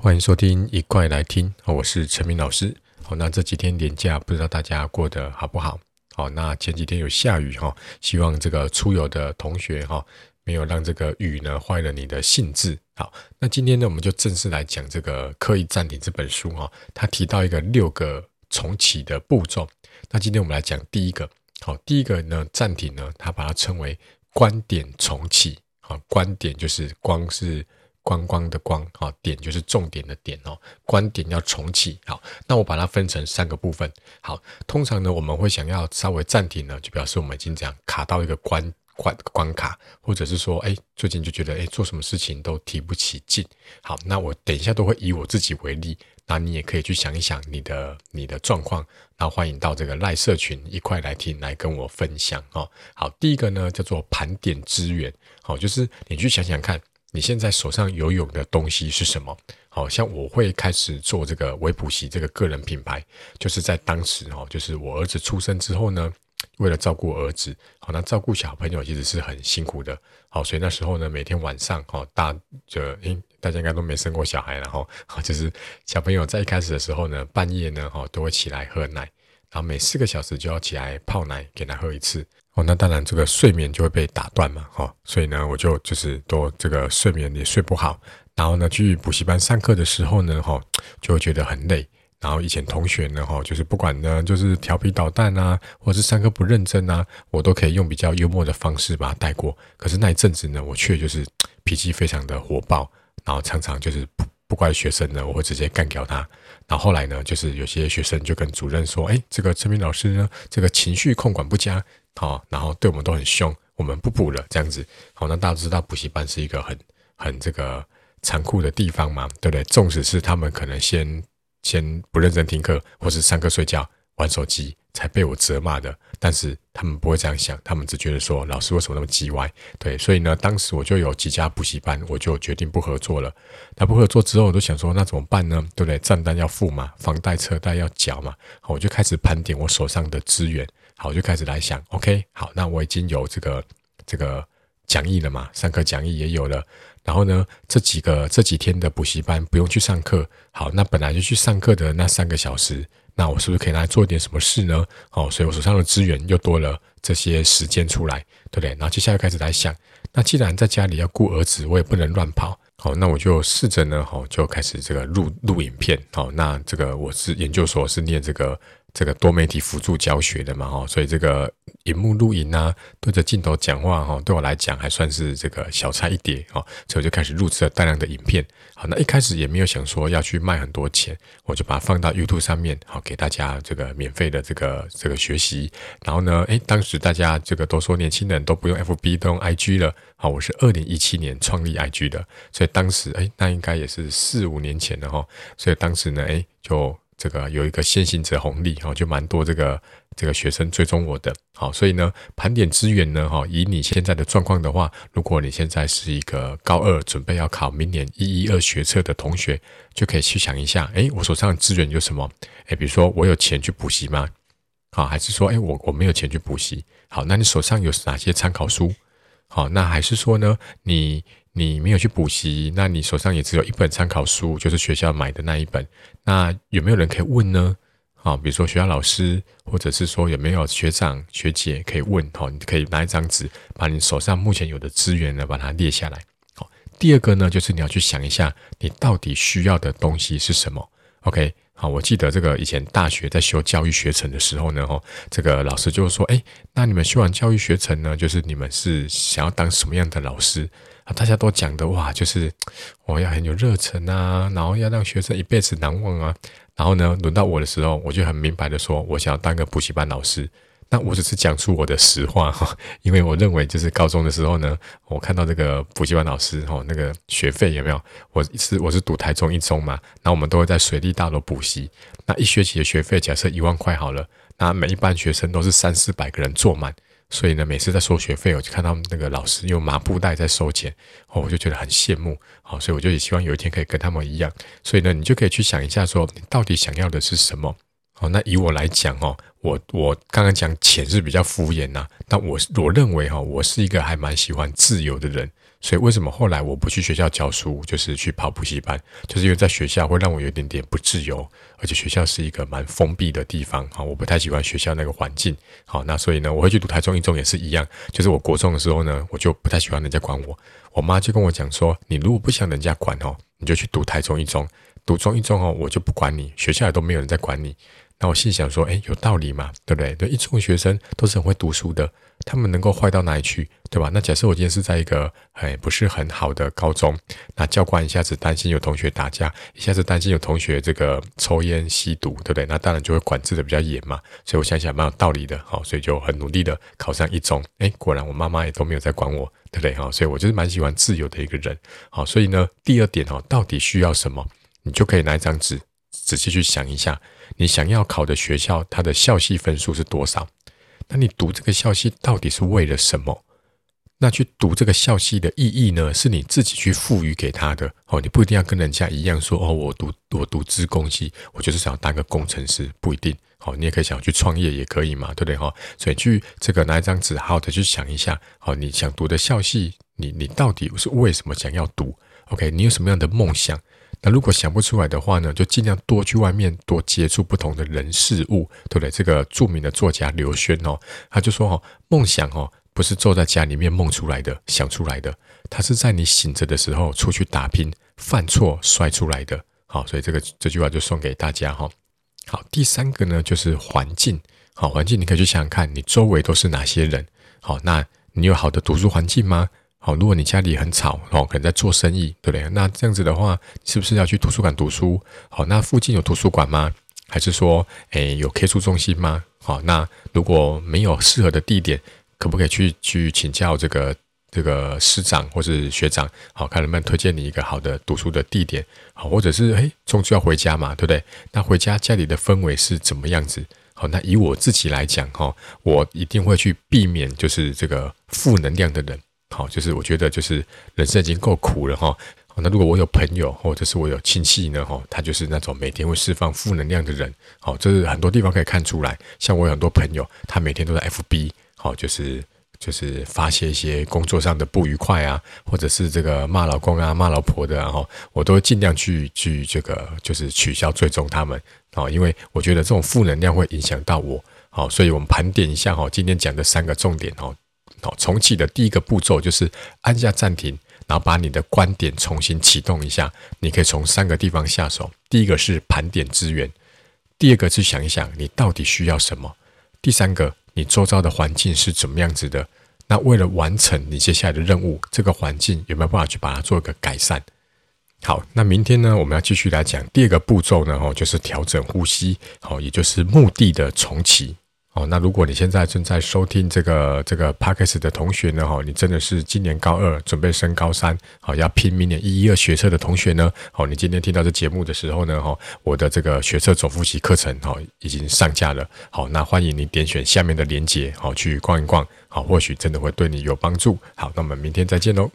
歡迎收聽，一塊來聽。我是陳明老師。好，那這幾天連假不知道大家過得好不好？好，那前幾天有下雨哈，希望這個出遊的同學哈，沒有讓這個雨呢壞了你的興致。好，那今天呢，我們就正式來講這個刻意暫停這本書哈，它提到一個六個重啟的步驟。那今天我們來講第一個。好，第一個呢，暫停呢，它把它稱為觀點重啟。好，觀點就是光是，觀光，光的觀哈點就是重點的點哦，觀點要重啟，好，那我把它分成三個部分，好，通常呢，我們會想要稍微暫停呢，就表示我們已經這樣卡到一個關關關卡，或者是說，哎、欸，最近就覺得，哎、欸、做什麼事情都提不起勁。好，那我等一下都會以我自己為例，那你也可以去想一想你的你的狀況，那歡迎到這個賴社群一塊來聽，來跟我分享哦。好，第一個呢叫做盤點資源，好、哦，就是你去想想看，你現在手上游泳的東西是什麼？好像我會開始做這個維普習這個個人品牌，就是在當時哦，就是我兒子出生之後呢，為了照顧兒子，好,那照顧小朋友其實是很辛苦的，好，所以那時候呢，每天晚上大這大家應該都沒生過小孩了，然後好就是小朋友在一開始的時候呢，半夜呢都會起來喝奶，然後每四個小時就要起來泡奶給他喝一次。哦，那當然，這個睡眠就會被打斷嘛，哈、哦，所以呢，我就就是多這個睡眠也睡不好，然後呢，去補習班上課的時候呢，哈、哦，就會覺得很累。然後以前同學呢，哈、哦，就是不管呢，就是調皮搗蛋啊，或者是上課不認真啊，我都可以用比較幽默的方式把它帶過。可是那一陣子呢，我卻就是脾氣非常的火爆，然後常常就是不乖學生呢，我會直接幹掉他。然後，後來呢，就是有些學生就跟主任說：“哎，這個陳明老師呢，這個情緒控管不佳，好、哦，然後對我們都很凶，我們不補了。”這樣子，好、哦，那大家知道補習班是一個很很這個殘酷的地方嘛，對不對？縱使是他們可能先先不認真聽課，或是上課睡覺。玩手機才被我責罵的，但是他們不會這樣想，他們只覺得說老師為什麼那麼雞歪？對，所以呢，當時我就有幾家補習班，我就決定不合作了。那不合作之後，我就想說那怎麼辦呢？對不對？賬單要付嘛，房貸車貸要繳嘛。好，我就開始盤點我手上的資源。好，我就開始來想，OK，好，那我已經有這個這個講義了嘛，上課講義也有了。然後呢，這幾個這幾天的補習班不用去上課，好，那本來就去上課的那三個小時。那我是不是可以來做點什麼事呢？哦，所以我手上的資源又多了這些時間出來，對不對？然後接下來開始來想，那既然在家裡要顧兒子，我也不能亂跑。好、哦，那我就試着呢，哦，就開始這個錄錄影片。哦，那這個我是研究所是念這個。這個多媒體輔助教學的嘛，哈，所以這個熒幕錄影啊，對着鏡頭講話哈，對我來講還算是這個小菜一碟哦。所以我就開始錄製了大量的影片，好，那一開始也沒有想說要去賣很多錢，我就把它放到 YouTube 上面，好，給大家這個免費的這個這個學習。然後呢，誒，當時大家這個都說年輕人都不用 FB，都用 IG 了，好，我是二零一七年創立 IG 的，所以當時誒，那應該也是四五年前的哈，所以當時呢，誒，就。這個有一個先行者紅利，就蠻多這個這個學生追蹤我的好。所以呢，盤點資源呢哈，以你現在的狀況的話，如果你現在是一個高二準備要考明年一一二學測的同學，就可以去想一下，哎，我手上的資源有什麼？哎，比如說我有錢去補習嗎？好，還是說，哎，我我沒有錢去補習？好，那你手上有哪些參考書？好，那還是說呢，你？你沒有去補習，那你手上也只有一本參考書，就是學校買的那一本。那有沒有人可以問呢？好、哦，比如說學校老師，或者是說有沒有學長學姐可以問？哈、哦，你可以拿一張紙，把你手上目前有的資源呢，把它列下來。好、哦，第二個呢，就是你要去想一下，你到底需要的東西是什麼？OK，好、哦，我記得這個以前大學在修教育學程的時候呢，哦，這個老師就說，哎，那你們修完教育學程呢，就是你們是想要當什麼樣的老師？大家都講的哇，就是我要很有熱忱啊，然後要讓學生一輩子難忘啊，然後呢，輪到我的時候，我就很明白的說，我想要當個補習班老師。那我只是講出我的實話哈，因為我認為就是高中的時候呢，我看到那個補習班老師，那個學費有沒有？我是我是讀台中一中嘛，然後我們都會在水利大樓補習，那一學期的學費假設一萬塊好了，那每一班學生都是三四百個人坐滿。所以呢，每次在收學費，我就看到那個老師用麻布袋在收錢，哦，我就覺得很羨慕，哦，所以我就也希望有一天可以跟他們一樣。所以呢，你就可以去想一下說，說你到底想要的是什麼？哦，那以我來講，哦，我我剛剛講錢是比較敷衍吶，啊，但我我認為，哦，我是一個還蠻喜歡自由的人。所以為什麼後來我不去學校教書，就是去跑補習班，就是因為在學校會讓我有點點不自由，而且學校是一個蠻封閉的地方，我不太喜歡學校那個環境。好，那所以呢，我會去讀台中一中也是一樣，就是我國中的時候呢，我就不太喜歡人家管我，我媽就跟我講說，你如果不想人家管哦，你就去讀台中一中，讀中一中哦，我就不管你，學校也都沒有人在管你。那我心想說，哎，有道理嘛？對不對？對，一中學生都是很會讀書的，他們能夠壞到哪裡去？對吧？那假設我今天是在一個不是很好的高中，那教官一下子擔心有同學打架，一下子擔心有同學這個抽菸吸毒，對不對？那當然就會管制的比較嚴嘛。所以我想想蠻有道理的，好，哦，所以就很努力的考上一中。哎，果然我媽媽也都沒有在管我，對不對？哦，所以我就是蠻喜歡自由的一個人。好，哦，所以呢，第二點，哦，到底需要什麼，你就可以拿一張紙仔細去想一下。你想要考的學校，它的校系分數是多少？那你讀這個校系到底是為了什麼？那去讀這個校系的意義呢？是你自己去賦予給他的哦。你不一定要跟人家一樣說哦，我讀我讀資工系，我就是想當個工程師，不一定。哦，你也可以想要去創業，也可以嘛，對不對？哈，所以去這個拿一張紙，好好的去想一下。哦，你想讀的校系，你你到底是為什麼想要讀？OK，你有什麼樣的夢想？那如果想不出來的話呢，就盡量多去外面，多接觸不同的人事物，對不對？這個著名的作家劉軒哦，他就說哦，夢想哦，不是坐在家裡面夢出來的、想出來的，他是在你醒着的時候出去打拼、犯錯摔出來的。好，所以這個這句話就送給大家哈、哦。好，第三個呢，就是環境。好，環境你可以去想想看，你周圍都是哪些人？好，那你有好的讀書環境嗎？好，如果你家裡很吵，哦，可能在做生意，對不對？那這樣子的話，是不是要去圖書館讀書？好，那附近有圖書館嗎？還是說，哎，有 K 書中心嗎？好，那如果沒有適合的地點，可不可以去去請教這個這個師長或是學長？好，看能不能推薦你一個好的讀書的地點？好，或者是哎，終究要回家嘛，對不對？那回家家裡的氛圍是怎麼樣子？好，那以我自己來講，哈，我一定會去避免就是這個負能量的人。好，就是我覺得，就是人生已經夠苦了哈、哦。那如果我有朋友，或者是，哦，就是我有親戚呢？哈、哦，他就是那種每天會釋放負能量的人。好、哦，這、就是很多地方可以看出來。像我有很多朋友，他每天都在 FB，好、哦，就是就是發洩一些工作上的不愉快啊，或者是這個罵老公啊、罵老婆的、啊，哦，然後我都盡量去去這個就是取消追蹤他們。好、哦，因為我覺得這種負能量會影響到我。好、哦，所以我們盤點一下哈、哦，今天講的三個重點哦。重啟的第一個步驟就是按下暫停，然後把你的觀點重新啟動一下。你可以從三個地方下手：第一個是盤點資源，第二個是想一想你到底需要什麼；第三個，你周遭的環境是怎麼樣子的。那為了完成你接下來的任務，這個環境有沒有辦法去把它做一個改善？好，那明天呢，我們要繼續來講第二個步驟呢，哦，就是調整呼吸，哦，也就是目的的重啟。哦，那如果你現在正在收聽這個這個 podcast 的同學呢，哈、哦，你真的是今年高二準備升高三，好、哦、要拼明年一一二學測的同學呢，好、哦，你今天聽到這節目的時候呢，哈、哦，我的這個學測總複習課程，好、哦、已經上架了，好、哦，那歡迎你點選下面的鏈接，好、哦、去逛一逛，好、哦，或許真的會對你有幫助，好，那我們明天再見嘍。